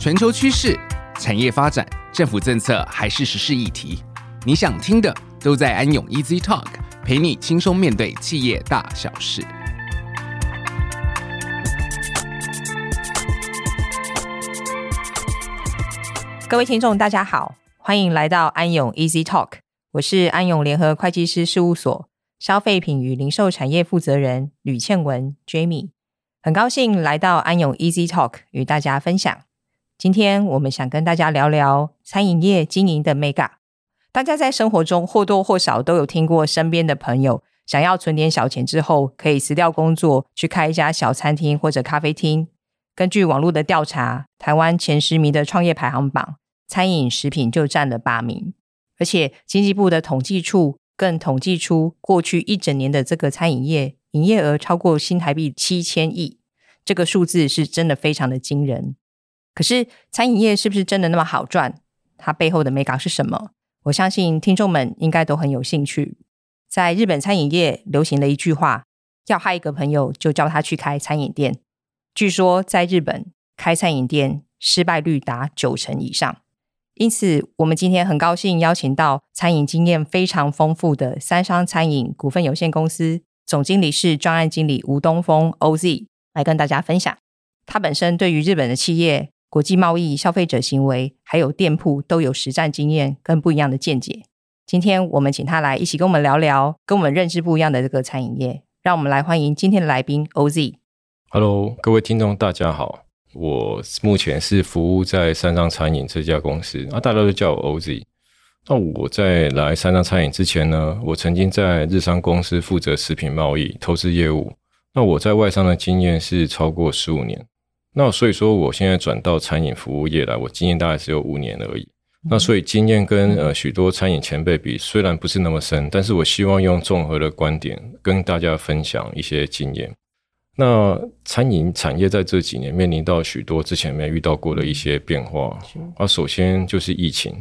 全球趨勢、產業發展、政府政策還是時事議題，你想聽的都在安永 Easy Talk，陪你輕鬆面對企業大小事。各位聽眾，大家好，歡迎來到安永 Easy Talk，我是安永聯合會計師事務所消費品與零售產業負責人呂倩雯 （Jamie），很高興來到安永 Easy Talk 與大家分享。今天我們想跟大家聊聊餐飲業經營的眉角。大家在生活中或多或少都有聽過，身邊的朋友想要存點小錢之後，可以辭掉工作，去開一家小餐廳或者咖啡廳。根據網絡的調查，台灣前十名的創業排行榜，餐飲食品就占了八名。而且經濟部的統計處更統計出，過去一整年的這個餐飲業營業額超過新台幣七千億，這個數字是真的非常的驚人。可是餐飲業是不是真的那麼好賺？它背後的眉角是什麼？我相信聽眾們應該都很有興趣。在日本餐飲業流行了一句話：“要害一個朋友，就叫他去開餐飲店。”據說在日本開餐飲店失敗率達九成以上。因此，我們今天很高興邀請到餐飲經驗非常豐富的三商餐飲股份有限公司總經理室專案經理吳東峯 OZ 來跟大家分享。他本身對於日本的企業。國際貿易、消費者行為，還有店鋪都有實戰經驗，跟不一樣的見解。今天我們請他來一起跟我們聊聊，跟我們認知不一樣的這個餐飲業。讓我們來歡迎今天的來賓 OZ。Hello，各位聽眾，大家好。我目前是服務在三商餐飲這家公司，啊，大家都叫我 OZ。那我在來三商餐飲之前呢，我曾經在日商公司負責食品貿易、投資業務。那我在外商的經驗是超過十五年。那所以說，我現在轉到餐飲服務業來，我經驗大概只有五年而已。那所以，經驗跟呃許多餐飲前輩比，雖然不是那麼深，但是我希望用綜合的觀點跟大家分享一些經驗。那餐飲產業在這幾年面臨到許多之前沒遇到過的一些變化。啊，而首先就是疫情。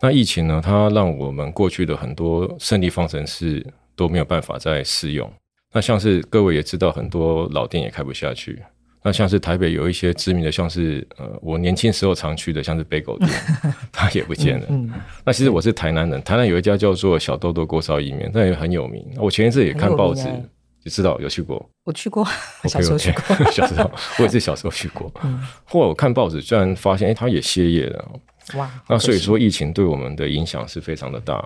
那疫情呢，它讓我們過去的很多勝利方程式都沒有辦法再適用。那像是各位也知道，很多老店也開不下去。那像是台北有一些知名的，像是呃，我年輕時候常去的，像是貝果店， 它也不見了。 嗯嗯、那其實我是台南人，對台南有一家叫做小豆豆鍋燒意麵，那也很有名。對我前一陣也看報紙，就知道有去過。我去過，okay, 小時候去過，小時候我也是小時候去過。 嗯、或我看報紙，居然發現，哎、欸，它也歇業了。哇！那所以說，疫情對我們的影響是非常的大。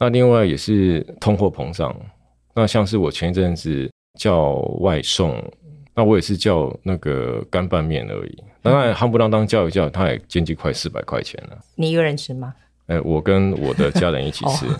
那另外也是通貨膨脹。那像是我前一陣子叫外送。那我也是叫那個乾拌麵而已，嗯、當然夯不啷噹叫一叫，它也將近快四百塊錢了。你一個人吃嗎、欸？我跟我的家人一起吃。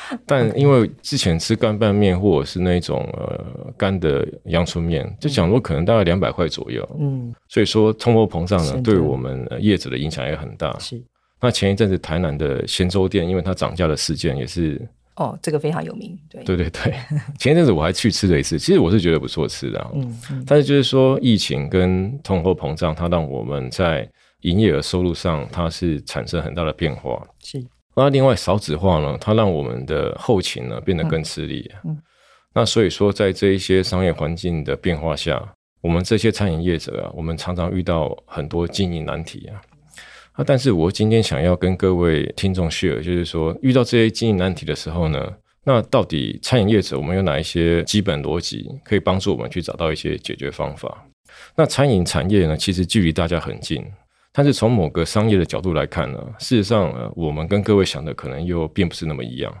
好但因為之前吃乾拌麵或者是那種呃乾的陽春麵，嗯、就講說可能大概兩百塊左右。嗯，所以說通貨膨脹呢，是對我們業者的影響也很大。是。那前一陣子台南的鹹粥店，因為它漲價的事件也是。哦，這個非常有名，對對對對。前一陣子我還去吃了一次， 其實我是覺得不錯吃的啊，嗯。是。但是就是說，疫情跟通貨膨脹，它讓我們在營業額收入上，它是產生很大的變化。是。那另外少子化呢，它讓我們的後勤呢變得更吃力。嗯。嗯。那所以說，在這一些商業環境的變化下，我們這些餐飲業者啊，我們常常遇到很多經營難題啊。啊！但是我今天想要跟各位聽眾 share，就是說，遇到這些經營難題的時候呢，那到底餐飲業者我們有哪一些基本邏輯可以幫助我們去找到一些解決方法？那餐飲產業呢，其實距離大家很近，但是從某個商業的角度來看呢，事實上我們跟各位想的可能又並不是那麼一樣。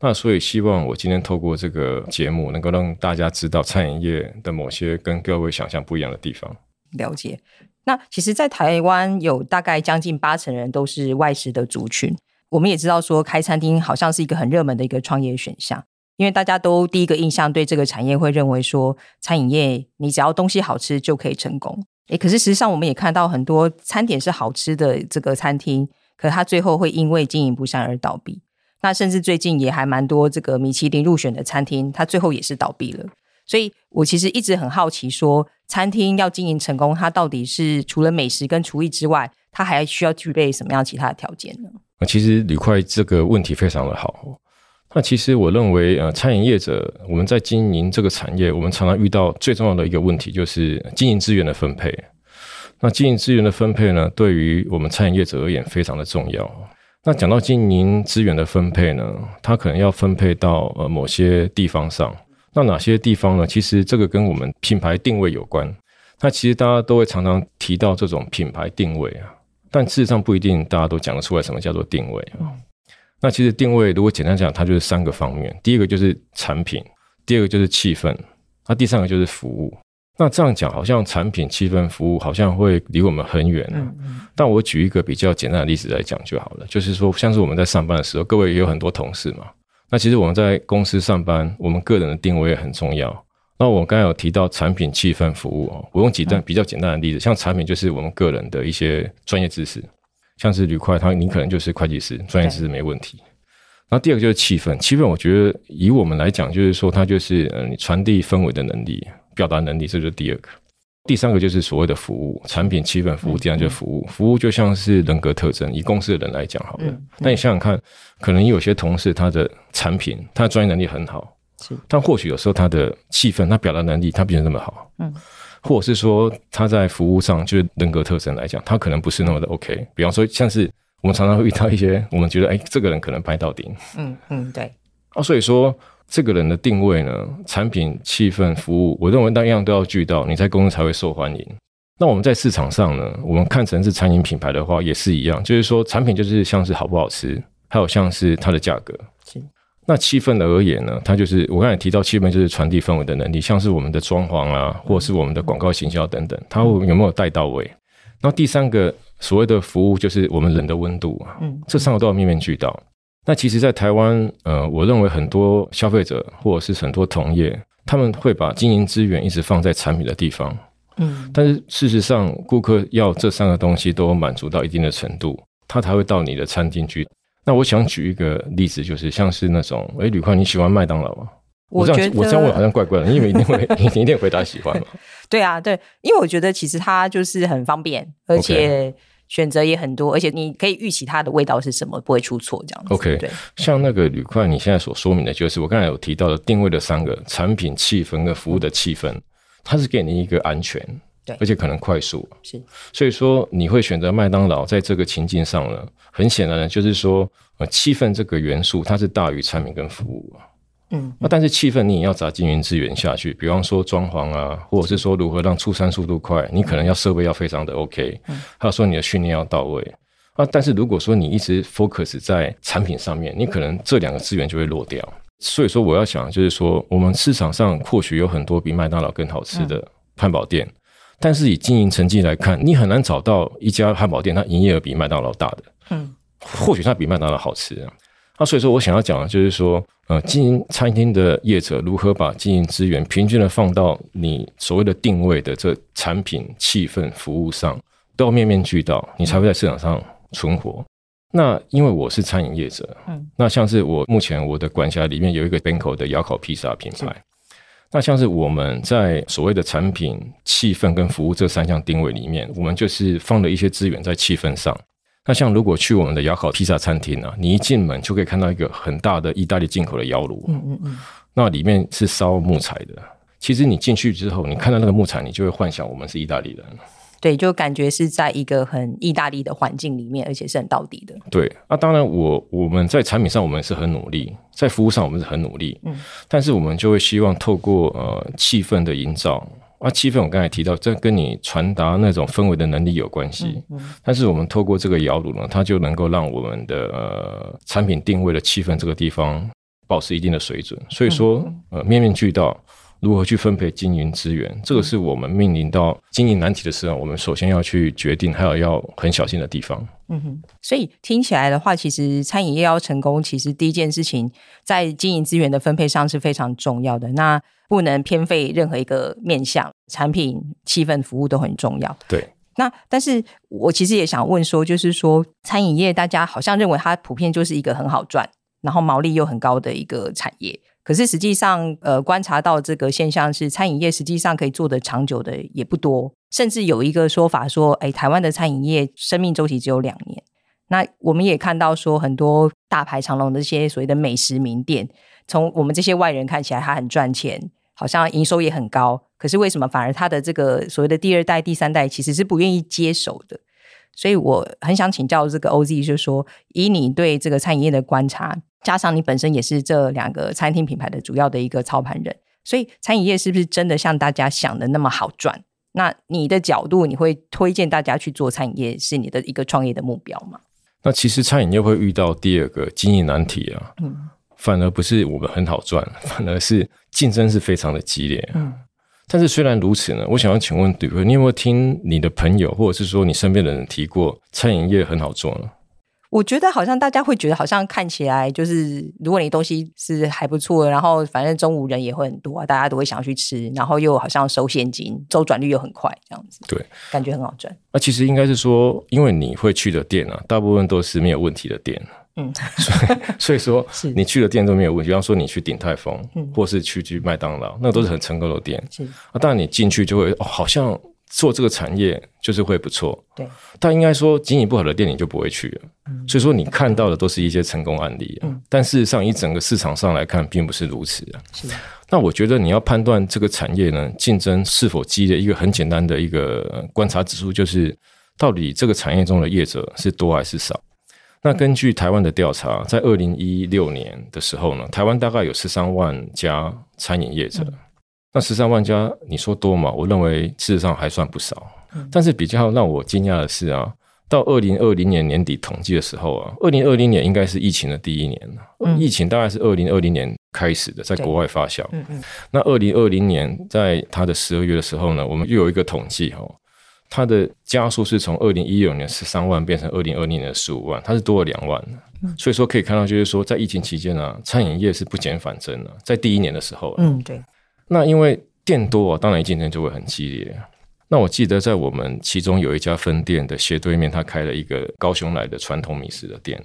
那所以希望我今天透過這個節目，能夠讓大家知道餐飲業的某些跟各位想象不一樣的地方。了解。那其實，在台灣有大概將近八成人都是外食的族群。我們也知道說，開餐廳好像是一個很熱門的一個創業選項，因為大家都第一個印象對這個產業會認為說，餐飲業你只要東西好吃就可以成功。誒可是實際上，我們也看到很多餐點是好吃的這個餐廳，可它最後會因為經營不善而倒閉。那甚至最近也還蠻多這個米其林入選的餐廳，它最後也是倒閉了。所以我其實一直很好奇說，餐廳要經營成功，它到底是除了美食跟廚藝之外，它還需要具備什麼樣其他的條件呢？啊，其實呂塊這個問題非常的好。那其實我認為，呃，餐飲業者我們在經營這個產業，我們常常遇到最重要的一個問題，就是經營資源的分配。那經營資源的分配呢，對於我們餐飲業者而言非常的重要。那講到經營資源的分配呢，它可能要分配到，呃，某些地方上。那哪些地方呢？其實這個跟我們品牌定位有關。那其實大家都會常常提到這種品牌定位啊，但事實上不一定大家都講得出來什麼叫做定位啊。哦、那其實定位如果簡單講，它就是三個方面：第一個就是產品，第二個就是氣氛，那、啊、第三個就是服務。那這樣講好像產品、氣氛、服務好像會離我們很遠啊。嗯嗯，但我舉一個比較簡單的例子來講就好了，就是說像是我們在上班的時候，各位也有很多同事嘛。那其實我們在公司上班，我們個人的定位也很重要。那我剛才有提到產品、氣氛、服務哦，我用幾段比較簡單的例子，像產品就是我們個人的一些專業知識，像是呂會，它你可能就是會計師，對專業知識沒問題。那第二個就是氣氛，氣氛我覺得以我們來講，就是說它就是嗯，你傳遞氛圍的能力、表達能力，這就是第二個。第三個就是所謂的服務，產品、氣氛、服務，第二樣就是服務。嗯、服務就像是人格特徵，以公司的人來講好了。那、嗯嗯、你想想看，可能有些同事他的產品、他的專業能力很好，是但或許有時候他的氣氛、他表達能力他比不是那麼好，嗯，或者是說他在服務上就是人格特徵來講，他可能不是那麼的 OK。比方說，像是我們常常會遇到一些我們覺得，哎、欸，這個人可能掰到頂，嗯嗯，對。哦、啊，所以說。這個人的定位呢，產品、氣氛、服務，我認為那一樣都要俱到，你在公司才會受歡迎。那我們在市場上呢，我們看成是餐飲品牌的話，也是一樣，就是說產品就是像是好不好吃，還有像是它的價格。是那氣氛的而言呢，它就是我剛才提到氣氛就是傳遞氛圍的能力，像是我們的裝潢啊，或者是我們的廣告行銷等等，它會有沒有帶到位？嗯。那第三個所謂的服務，就是我們人的溫度啊。嗯。這三個都要面面俱到。那其實，在台灣，呃，我認為很多消費者或者是很多同業，他們會把經營資源一直放在產品的地方。嗯。但是事實上，顧客要這三個東西都滿足到一定的程度，他才會到你的餐廳去。那我想舉一個例子，就是像是那種，哎、欸，呂倩雯你喜歡麥當勞嗎、啊？我覺得我這樣，我這樣問好像怪怪的，因為一定會 你一定回答喜歡嘛。 對啊，對，因為我覺得其實它就是很方便，而且。Okay. 選擇也很多，而且你可以預期它的味道是什麼，不會出錯這樣子。OK，對，像那個旅快，你現在所說明的就是我剛才有提到的定位的三個產品、氣氛跟服務的氣氛，它是給你一個安全，對而且可能快速，是，所以說你會選擇麥當勞，在這個情境上呢，很顯然呢，就是說呃氣氛這個元素它是大於產品跟服務。嗯，那、嗯啊、但是氣氛你也要砸經營資源下去，比方說裝潢啊，或者是說如何讓出餐速度快，你可能要設備要非常的 OK，還有說你的訓練要到位。嗯、啊，但是如果說你一直 focus 在產品上面，你可能這兩個資源就會落掉。所以說我要想就是說，我們市場上或許有很多比麥當勞更好吃的漢堡店，嗯、但是以經營成績來看，你很難找到一家漢堡店它營業額比麥當勞大的。嗯，或許它比麥當勞好吃。那、啊、所以說，我想要講的就是說，呃，經營餐廳的業者如何把經營資源平均的放到你所謂的定位的這產品、氣氛、服務上，都要面面俱到，你才會在市場上存活。嗯、那因為我是餐飲業者，嗯，那像是我目前我的管轄裡面有一個 Banko 的窯烤披薩品牌，是那像是我們在所謂的產品、氣氛跟服務這三項定位裡面，我們就是放了一些資源在氣氛上。那像如果去我們的窯烤披薩餐廳呢、啊，你一進門就可以看到一個很大的意大利進口的窯爐，嗯嗯嗯，那裡面是燒木材的。其實你進去之後，你看到那個木材，你就會幻想我們是意大利人，對，就感覺是在一個很意大利的環境裡面，而且是很到底的。對，那、啊、當然我我們在產品上我們是很努力，在服務上我們是很努力，嗯，但是我們就會希望透過呃氣氛的營造。啊，氣氛我剛才提到，這跟你傳達那種氛圍的能力有關係。但是我們透過這個窯爐呢，它就能夠讓我們的呃產品定位的氣氛這個地方保持一定的水準。所以說，呃，面面俱到，如何去分配經營資源，這個是我們面臨到經營難題的時候，我們首先要去決定，還有要很小心的地方。嗯哼，所以聽起來的話，其實餐飲業要成功，其實第一件事情在經營資源的分配上是非常重要的。那不能偏廢任何一個面向，產品、氣氛、服務都很重要。對。那但是我其實也想問說，就是說餐飲業大家好像認為它普遍就是一個很好賺，然後毛利又很高的一個產業。可是實際上，呃，觀察到這個現象是餐飲業實際上可以做得長久的也不多，甚至有一個說法說，哎，台灣的餐飲業生命週期只有兩年。那我們也看到說，很多大排長龍的這些所謂的美食名店，從我們這些外人看起來，它很賺錢，好像營收也很高。可是為什麼反而它的這個所謂的第二代、第三代其實是不願意接手的？所以我很想請教這個 OZ，就是說，以你對這個餐飲業的觀察，加上你本身也是這兩個餐廳品牌的主要的一個操盤人，所以餐飲業是不是真的像大家想的那麼好賺？那你的角度，你會推薦大家去做餐飲業是你的一個創業的目標嗎？那其實餐飲業會遇到第二個經營難題啊，嗯，反而不是我們很好賺，反而是競爭是非常的激烈。嗯但是雖然如此呢，我想要請問呂你有沒有聽你的朋友或者是說你身邊的人提過餐飲業很好做呢？我覺得好像大家會覺得，好像看起來就是，如果你東西是還不錯的，然後反正中午人也會很多，啊，大家都會想要去吃，然後又好像收現金，周轉率又很快，這樣子，對，感覺很好賺那，啊、其實應該是說，因為你會去的店啊，大部分都是沒有問題的店。嗯，所以所以說，你去的店都沒有問題。比方，是說，你去鼎泰豐，嗯、或是去去麥當勞，那個，都是很成功的店。是啊、當然，你進去就會，哦，好像做這個產業就是會不錯。對，但應該說，經營不好的店你就不會去了。嗯、所以說，你看到的都是一些成功案例啊。嗯，但事實上，以整個市場上來看，並不是如此的啊。是。那我覺得，你要判斷這個產業呢，競爭是否激烈，一個很簡單的一個觀察指數，就是到底這個產業中的業者是多還是少。那根據台灣的調查，在二零一六年的時候呢，台灣大概有十三萬家餐飲業者。那十三萬家，你說多嗎？我認為事實上還算不少。但是比較讓我驚訝的是啊，到二零二零年年底統計的時候啊，二零二零年應該是疫情的第一年了。疫情大概是二零二零年開始的，在國外發酵。嗯嗯。那二零二零年，在它的十二月的時候呢，我們又有一個統計它的家數是從二零一六年十三萬變成二零二零年的十五萬，它是多了兩萬了，嗯、所以說可以看到，就是說在疫情期間啊，餐飲業是不減反增的、啊。在第一年的時候、啊，嗯，對。那因為店多啊，當然競爭就會很激烈。那我記得在我們其中有一家分店的斜對面，它開了一個高雄來的傳統米食的店，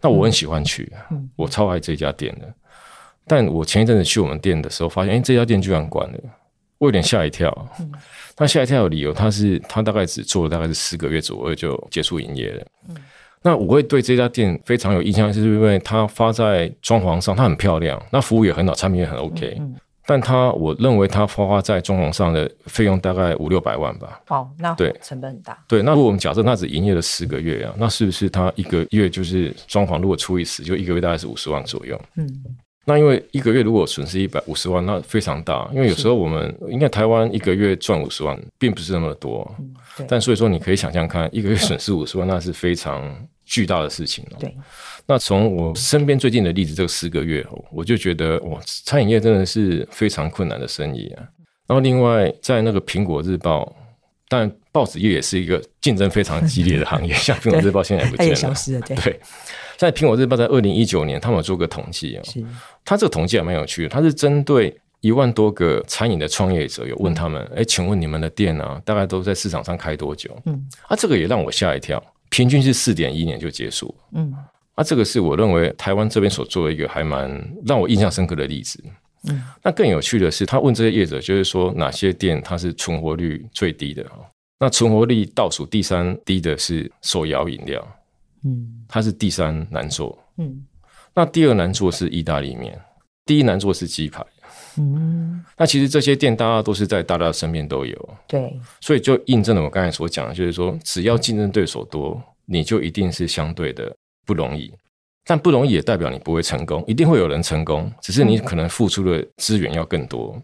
那我很喜歡去、啊，我超愛這家店的。但我前一陣子去我們店的時候，發現哎、欸，這家店居然關了。我有點嚇一跳，嗯、那嚇一跳的理由，他是他大概只做了大概是十個月左右就結束營業了。嗯、那我會對這家店非常有印象，就、嗯、是因為它花在裝潢上，它、嗯、很漂亮，那服務也很好，產品也很 OK。嗯。嗯、但它我認為它花花在裝潢上的費用大概五六百萬吧。哦，那對成本很大對。對，那如果我們假設它只營業了十個月啊，嗯、那是不是它一個月就是裝潢如果除以十，就一個月大概是五十萬左右？嗯。那因為一個月如果損失一百五十萬，那非常大。因為有時候我們應該台灣一個月賺五十萬，並不是那麼多。但所以說你可以想象看，一個月損失五十萬，那是非常巨大的事情了。對。那從我身邊最近的例子，這四個月，我就覺得哇餐飲業真的是非常困難的生意啊。然後另外在那個蘋果日報，但。報紙業也是一個競爭非常激烈的行業， 對像《蘋果日報》現在也不見了。對，在《蘋果日報》在二零一九年，他們有做個統計啊、喔，他是這個統計還蠻有趣的。他是針對一萬多個餐飲的創業者，有問他們：“哎、嗯欸，請問你們的店啊，大概都在市場上開多久？”嗯，啊，這個也讓我嚇一跳，平均是四點一年就結束。嗯，啊，這個是我認為台灣這邊所做的一個還蠻讓我印象深刻的例子。嗯，那更有趣的是，他問這些業者，就是說哪些店它是存活率最低的啊、喔？那存活率倒數第三低的是手搖飲料，嗯，它是第三難做，嗯，那第二難做是意大利麵，第一難做是雞排，嗯，那其實這些店大家都是在大家身邊都有，對，所以就印證了我剛才所講的，就是說只要競爭對手多，你就一定是相對的不容易，但不容易也代表你不會成功，一定會有人成功，只是你可能付出的資源要更多，嗯、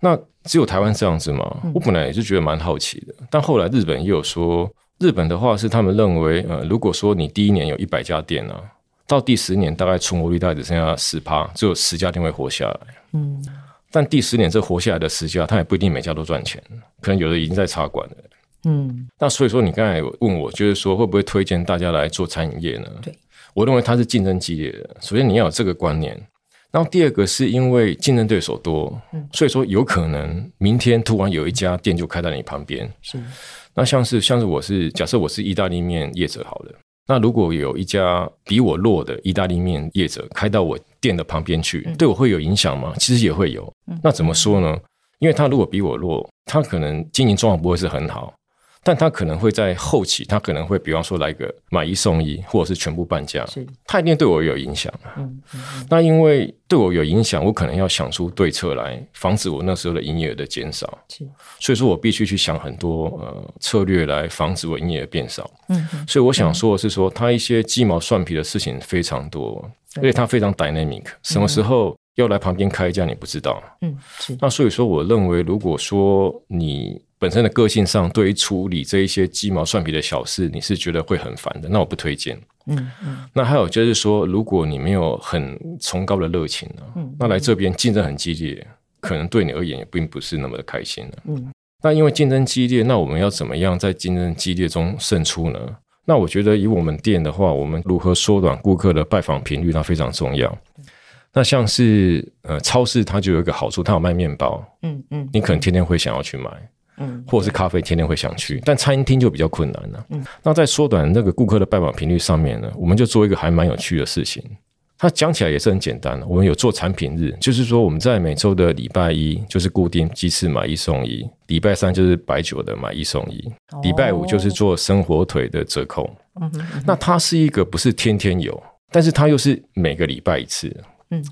那。只有台灣這樣子嗎？我本來也是覺得蠻好奇的，嗯、但後來日本也有說，日本的話是他們認為，呃，如果說你第一年有一百家店呢、啊，到第十年大概存活率大概只剩下十趴，只有十家店會活下來。嗯，但第十年這活下來的十家，他也不一定每家都賺錢，可能有的已經在插管了。嗯，那所以說你剛才有問我，就是說會不會推薦大家來做餐飲業呢？對，我認為它是競爭激烈的，首先你要有這個觀念。然後第二個是因為競爭對手多，嗯、所以說有可能明天突然有一家店就開到你旁邊。是，那像是像是我是假設我是意大利麵業者好的，那如果有一家比我弱的意大利麵業者開到我店的旁邊去，嗯、對我會有影響嗎？其實也會有。嗯、那怎麼說呢？嗯、因為他如果比我弱，他可能經營狀況不會是很好。但他可能會在後期，他可能會比方說來個買一送一，或者是全部半價，是他一定對我有影響。嗯嗯、那因為對我有影響，我可能要想出對策來防止我那時候的營業額的減少。是所以說我必須去想很多呃策略，來防止我營業額變少。嗯嗯、所以我想說的是說，說、嗯、他一些雞毛蒜皮的事情非常多，對而且他非常 dynamic，什麼時候要來旁邊開一家？你不知道。嗯，那所以說，我認為如果說你。本身的個性上，對於處理這一些雞毛蒜皮的小事，你是覺得會很煩的。那我不推薦。嗯。嗯，那還有就是說，如果你沒有很崇高的熱情呢，嗯嗯。那來這邊競爭很激烈，可能對你而言也並不是那麼的開心的。嗯。那因為競爭激烈，那我們要怎麼樣在競爭激烈中勝出呢？那我覺得，以我們店的話，我們如何縮短顧客的拜訪頻率，那非常重要。對那像是呃，超市它就有一個好處，它有賣麵包。嗯嗯。嗯，你可能天天會想要去買。嗯，或者是咖啡，天天會想去，但餐廳就比較困難了。嗯，那在縮短那個顧客的拜訪頻率上面呢，我們就做一個還蠻有趣的事情。嗯，它講起來也是很簡單的，我們有做產品日，就是說我們在每週的禮拜一就是固定雞翅買一送一，禮拜三就是白酒的買一送一，禮拜五就是做生火腿的折扣。嗯，哦，那它是一個不是天天有，但是它又是每個禮拜一次。嗯，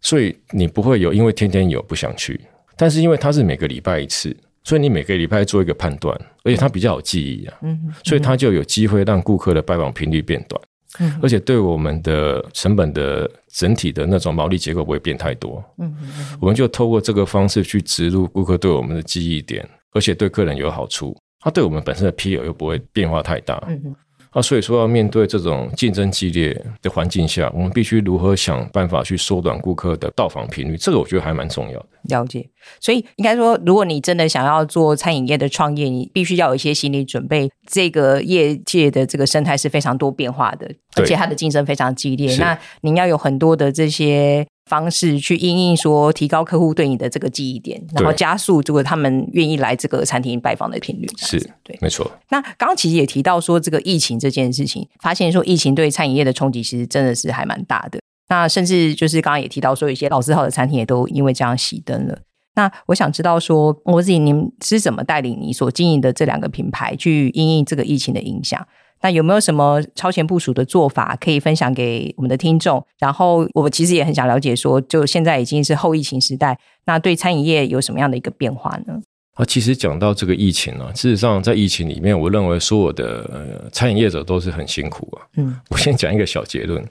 所以你不會有因為天天有不想去，但是因為它是每個禮拜一次。所以你每個禮拜做一個判斷，而且它比較有記憶啊，嗯、哼所以它就有機會讓顧客的拜訪頻率變短，嗯、哼而且對我們的成本的整體的那種毛利結構不會變太多。嗯、哼我們就透過這個方式去植入顧客對我們的記憶點，嗯、哼而且對客人有好處，它對我們本身的 P 友又不會變化太大。嗯啊，所以說要面對這種競爭激烈的環境下，我們必須如何想辦法去縮短顧客的到訪頻率？這個我覺得還蠻重要的。了解，所以應該說，如果你真的想要做餐飲業的創業，你必須要有一些心理準備。這個業界的這個生態是非常多變化的，對而且它的競爭非常激烈。是那你要有很多的這些，方式去因應，說提高客戶對你的這個記憶點，對然後加速，如果他們願意來這個餐廳拜訪的頻率，是對，沒錯錯。那剛剛其實也提到說，這個疫情這件事情，發現說疫情對餐飲業的衝擊其實真的是還蠻大的。那甚至就是剛剛也提到說，一些老字號的餐廳也都因為這樣熄燈了。那我想知道說，OZ 您是怎麼帶領你所經營的這兩個品牌去因應這個疫情的影響？那有沒有什麼超前部署的做法可以分享給我們的聽眾？然後我其實也很想了解說，就現在已經是後疫情時代，那對餐飲業有什麼樣的一個變化呢？啊，其實講到這個疫情啊，事實上在疫情裡面，我認為所有的，呃，餐飲業者都是很辛苦啊。嗯，我先講一個小結論。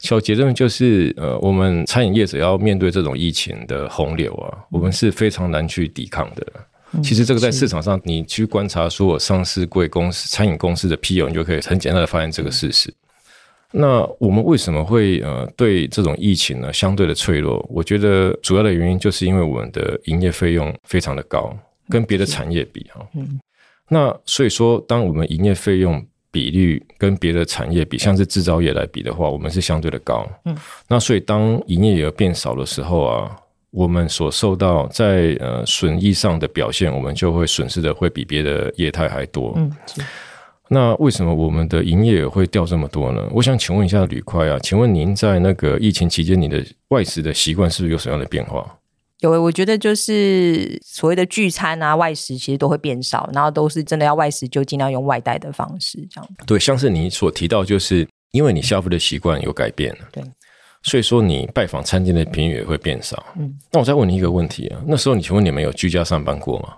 小結論就是，呃，我們餐飲業者要面對這種疫情的洪流啊，嗯、我們是非常難去抵抗的。嗯、其實，這個在市場上是你去觀察，說上市櫃公司餐飲公司的 PO，你就可以很簡單的發現這個事實。嗯、那我們為什麼會呃對這種疫情呢相對的脆弱？我覺得主要的原因就是因為我們的營業費用非常的高，跟別的產業比哈、啊。嗯、那所以說，當我們營業費用比率跟別的產業比，像是製造業來比的話，我們是相對的高。嗯，那所以當營業額變少的時候啊，我們所受到在呃損益上的表現，我們就會損失的會比別的業態還多。嗯，那為什麼我們的營業額會掉這麼多呢？我想請問一下呂會啊，請問您在那個疫情期間，你的外食的習慣是不是有什麼樣的變化？有，我覺得就是所謂的聚餐啊，外食其實都會變少，然後都是真的要外食就盡量用外帶的方式這樣。對，像是你所提到，就是因為你消費的習慣有改變了，對、嗯，所以說你拜訪餐廳的頻率也會變少。嗯，那我再問你一個問題啊，那時候你請問你們有居家上班過嗎？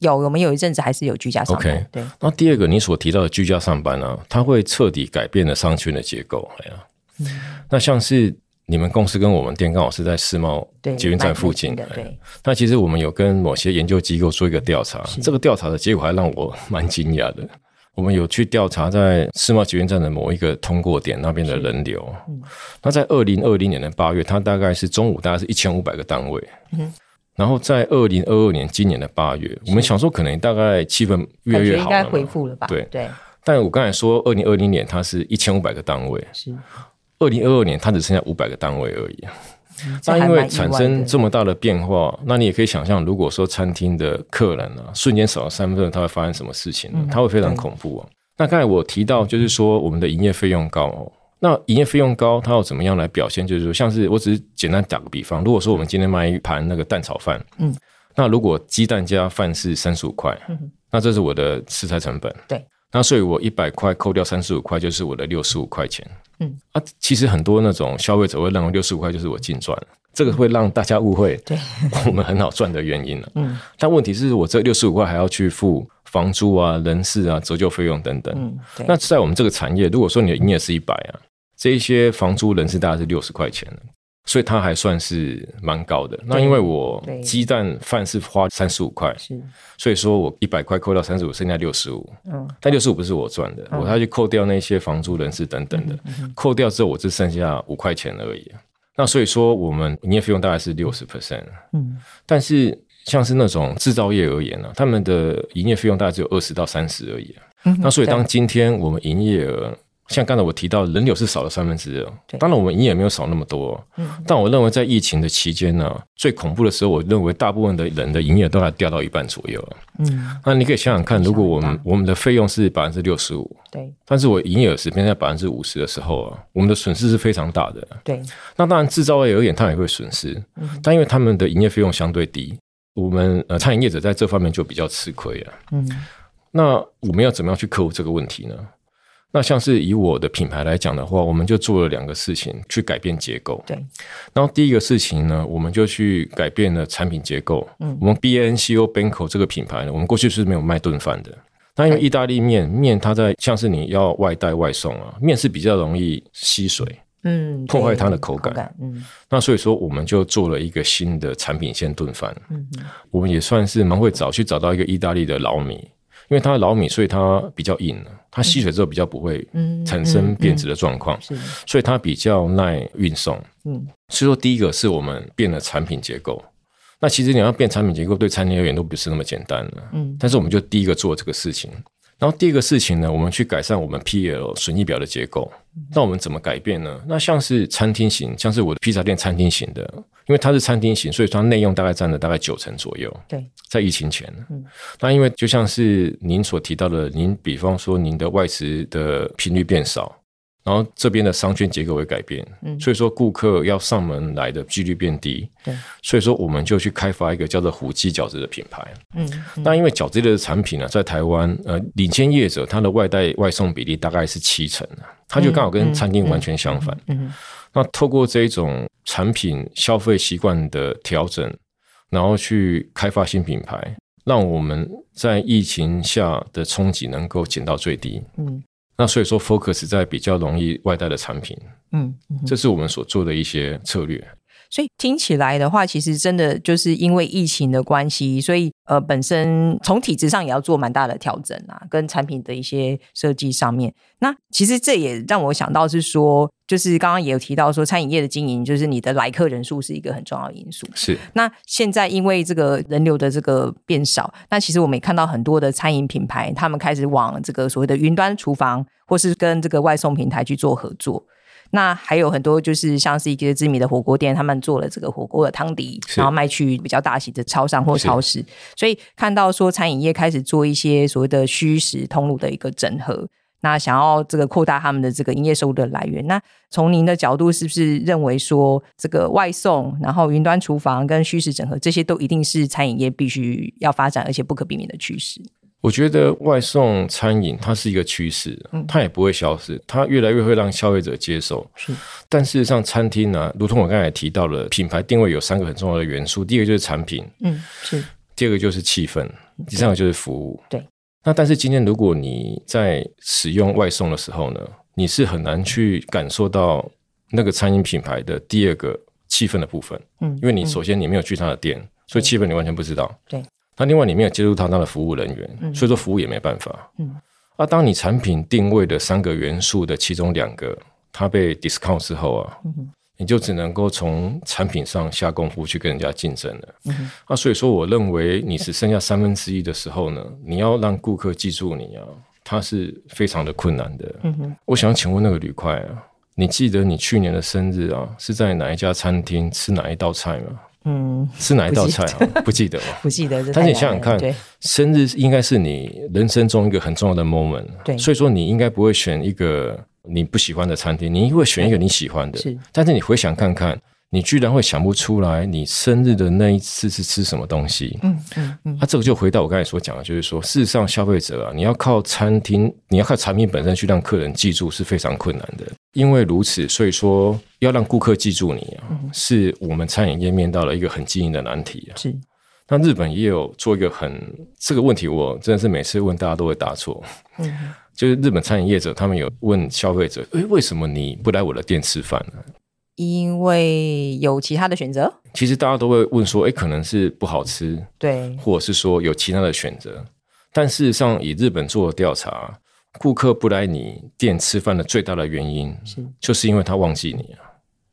有，我們有一陣子還是有居家上班。OK，對。那第二個你所提到的居家上班呢、啊，它會徹底改變了商圈的結構，哎呀，嗯、那像是。你們公司跟我們店剛好是在世貿捷運站附近對。對。那其實我們有跟某些研究機構做一個調查，是這個調查的結果還讓我蠻驚訝的。我們有去調查在世貿捷運站的某一個通過點那邊的人流。嗯、那在二零二零年的八月，它大概是中午，大概是一千五百個單位。嗯、哼然後在二零二二年今年的八月，是我們想說可能大概氣氛越來越好應該恢復了吧？對對。對對，但我剛才說二零二零年它是一千五百個單位。是。二零二二年，它只剩下五百個單位而已。那、嗯、因為產生這麼大的變化，嗯、那你也可以想象，如果說餐廳的客人呢、啊，瞬間少了三分之二它會發生什麼事情呢、啊？嗯、哼它會非常恐怖哦、啊。嗯、哼那剛才我提到，就是說我們的營業費用高、哦。嗯、哼那營業費用高，它要怎麼樣來表現？就是說，像是我只是簡單打個比方，如果說我們今天賣一盤那個蛋炒飯，嗯，那如果雞蛋加飯是三十五塊，嗯、哼那這是我的食材成本，嗯、對。那所以，我一百塊扣掉三十五塊，就是我的六十五塊錢。嗯啊，其實很多那種消費者會認為六十五塊就是我淨賺，嗯、這個會讓大家誤會。對，我們很好賺的原因了、啊。嗯，但問題是我這六十五塊還要去付房租啊、人事啊、折舊費用等等。嗯，那在我們這個產業，如果說你的營業是一百啊，這一些房租、人事大概是六十塊錢。所以它還算是蠻高的。對那因為我雞蛋飯是花三十五塊，對所以說我一百塊扣掉三十五，剩下六十五。嗯、oh,，但六十五不是我賺的，okay. 我要去扣掉那些房租、人事等等的，Okay. 扣掉之後我只剩下五塊錢而已。Mm hmm. 那所以說，我們營業費用大概是六十 percent。嗯、mm，hmm. 但是像是那種製造業而言呢、啊，他們的營業費用大概只有二十到三十而已。Mm hmm. 那所以當今天我們營業額。像剛才我提到，人流是少了三分之二，當然我們營業沒有少那麼多，但我認為在疫情的期間呢，最恐怖的時候，我認為大部分的人的營業額都要掉到一半左右，嗯，那你可以想想看，如果我們我們的費用是百分之六十五，對，但是我營業額是變成百分之五十的時候啊，我們的損失是非常大的，對，那當然制造業有一點他也會損失，但因為他們的營業費用相對低，我們呃餐飲業者在這方面就比較吃虧啊，嗯，那我們要怎麼樣去克服這個問題呢？那像是以我的品牌來講的話，我們就做了兩個事情去改變結構。對，然後第一個事情呢，我們就去改變了產品結構。嗯，我們 B N C O Banco 這個品牌呢，我們過去是沒有賣燉飯的。嗯，那因為意大利麵麵，它在像是你要外帶外送啊，麵是比較容易吸水，嗯，破壞它的口感，口感，嗯。那所以說，我們就做了一個新的產品線燉飯。嗯哼，我們也算是蠻會找去找到一個意大利的老米。因為它老米，所以它比較硬，它吸水之後比較不會產生變質的狀況，嗯嗯嗯、所以它比較耐運送。所以說第一個是我們變了產品結構。那其實你要變產品結構，對餐廳而言都不是那麼簡單的。嗯、但是我們就第一個做這個事情。嗯然後第二個事情呢，我們去改善我們 P L 損益表的結構。嗯、哼那我們怎麼改變呢？那像是餐廳型，像是我的披薩店餐廳型的，因為它是餐廳型，所以它內用大概占了大概九成左右。對，在疫情前，嗯、那因為就像是您所提到的，您比方說您的外食的頻率變少。然後這邊的商圈結構會改變，嗯、所以說顧客要上門來的幾率變低，對所以說我們就去開發一個叫做“虎雞餃子”的品牌。嗯，嗯那因為餃子類的產品呢、啊，在台灣呃領先業者，它的外帶外送比例大概是七成，它就剛好跟餐廳完全相反。那透過這種產品消費習慣的調整，然後去開發新品牌，讓我們在疫情下的衝擊能夠減到最低。嗯。那所以說，focus 在比較容易外帶的產品，嗯，這是我們所做的一些策略、嗯。嗯、所以聽起來的話，其實真的就是因為疫情的關係，所以呃，本身從體質上也要做蠻大的調整啊，跟產品的一些設計上面。那其實這也讓我想到是說。就是剛剛也有提到說，餐飲業的經營，就是你的來客人數是一個很重要的因素。是。那現在因為這個人流的這個變少，那其實我們也看到很多的餐飲品牌，他們開始往這個所謂的雲端廚房，或是跟這個外送平台去做合作。那還有很多就是像是一些知名的火鍋店，他們做了這個火鍋的湯底，是然後賣去比較大型的超商或超市。是所以看到說餐飲業開始做一些所謂的虛實通路的一個整合。那想要這個擴大他們的這個營業收入的來源，那從您的角度，是不是認為說，這個外送，然後雲端廚房跟虛實整合，這些都一定是餐飲業必須要發展而且不可避免的趨勢？我覺得外送餐飲它是一個趨勢，嗯、它也不會消失，它越來越會讓消費者接受。是，但事實上，餐廳呢、啊，如同我剛才提到了，品牌定位有三個很重要的元素，第一個就是產品，嗯，是；第二個就是氣氛；對，第三個就是服務，對。那但是今天如果你在使用外送的時候呢，你是很難去感受到那個餐飲品牌的第二個氣氛，的部分，嗯，因為你首先你沒有去他的店，嗯、所以氣氛你完全不知道，對。那另外你沒有接觸他，他的服務人員，所以說服務也沒辦法，嗯。而、嗯啊、當你產品定位的三個元素的其中兩個，它被 discount 之後啊。嗯嗯你就只能夠從產品上下功夫去跟人家競爭了。那所以說，我認為你只剩下三分之一的時候呢，你要讓顧客記住你啊，它是非常的困難的。我想請問那個呂快啊，你記得你去年的生日啊是在哪一家餐廳吃哪一道菜嗎？嗯，吃哪一道菜不記得了，不記得。但是你想想看，生日應該是你人生中一個很重要的 moment。對，所以說你應該不會選一個。你不喜歡的餐廳，你一定會選一個你喜歡的。嗯、是，但是你回想看看，你居然會想不出來，你生日的那一次是吃什麼東西？嗯嗯嗯。那、嗯啊、這個就回到我剛才所講的，就是說，事實上，消費者啊，你要靠餐廳，你要靠產品本身去讓客人記住是非常困難的。因為如此，所以說要讓顧客記住你啊，嗯、是我們餐飲業面臨到了一個很經營的難題啊。那日本也有做一個很這個問題，我真的是每次問大家都會答錯。嗯，就是日本餐飲業者他們有問消費者，誒，為什麼你不來我的店吃飯呢？因為有其他的選擇。其實大家都會問說，誒，可能是不好吃，對，或者是說有其他的選擇。但事實上，以日本做調查，顧客不來你店吃飯的最大的原因是，就是因為他忘記你了。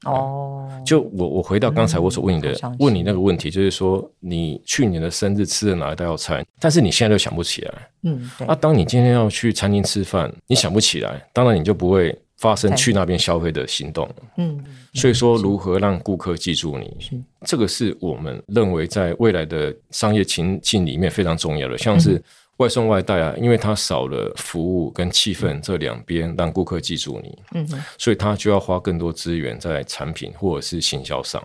哦，oh, 就我我回到剛才我所問你的、嗯、問你那個問題，就是說你去年的生日吃了哪一道菜，但是你現在都想不起來，嗯，那、啊、當你今天要去餐廳吃飯，對你想不起來，當然你就不會發生去那邊消費的行動，嗯，所以說如何讓顧客記住你，是這個是我們認為在未來的商業情境裡面非常重要的，像是、嗯。外送外帶啊，因為它少了服務跟氣氛這兩邊，讓顧客記住你，嗯嗯，所以他就要花更多資源在產品或者是行銷上。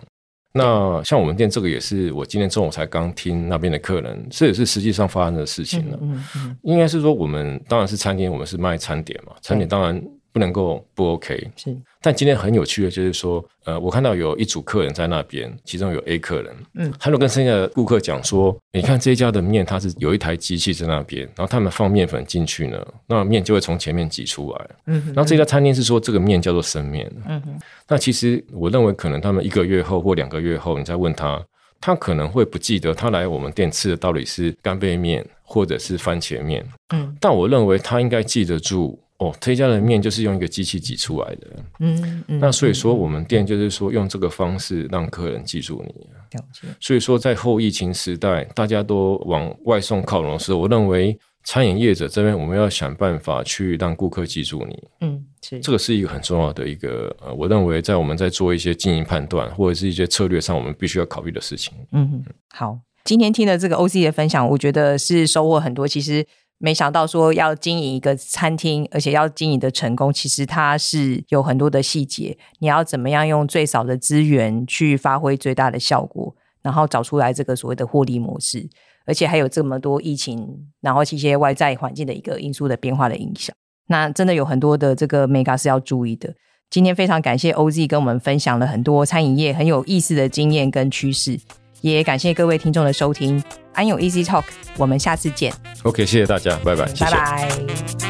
那像我們店這個也是，我今天中午才剛聽那邊的客人，這也是實際上發生的事情了、啊。嗯嗯嗯，應該是說我們當然是餐廳，我們是賣餐點嘛，餐點當然，嗯。不能夠不 OK，是但今天很有趣的，就是說，呃，我看到有一組客人在那邊，其中有 A 客人，嗯，他就跟剩下的顧客講說：“你看這一家的麵，它是有一台機器在那邊，然後他們放麵粉進去呢，那麵就會從前面擠出來，嗯。然後這家餐廳是說這個麵叫做生麵，嗯。那其實我認為可能他們一個月後或兩個月後，你再問他，他可能會不記得他來我們店吃的到底是干貝麵或者是番茄麵，嗯。但我認為他應該記得住。哦，推家的麵就是用一個機器擠出來的。嗯嗯，嗯，那所以說我們店就是說用這個方式讓客人記住你。對、嗯。嗯、所以說，在後疫情時代，大家都往外送靠攏的時候，我認為餐飲業者這邊我們要想辦法去讓顧客記住你。嗯，這個是一個很重要的一個，呃，我認為在我們在做一些經營判斷或者是一些策略上，我們必須要考慮的事情。嗯，好。今天聽了這個 OZ 的分享，我覺得是收穫很多。其實。沒想到說，要經營一個餐廳，而且要經營的成功，其實，它是有很多的細節。你要怎麼樣用最少的資源去發揮最大的效果，然後找出來這個所謂的獲利模式，而且還有這麼多疫情，然後這些外在環境的一個因素的變化的影響，那真的有很多的這個眉角是要注意的。今天非常感謝 OZ 跟我們分享了很多餐飲業很有意思的經驗跟趨勢。也感謝各位聽眾的收聽，安永 Easy Talk，我們下次見。OK，謝謝大家，拜拜，Okay, 謝謝，拜拜。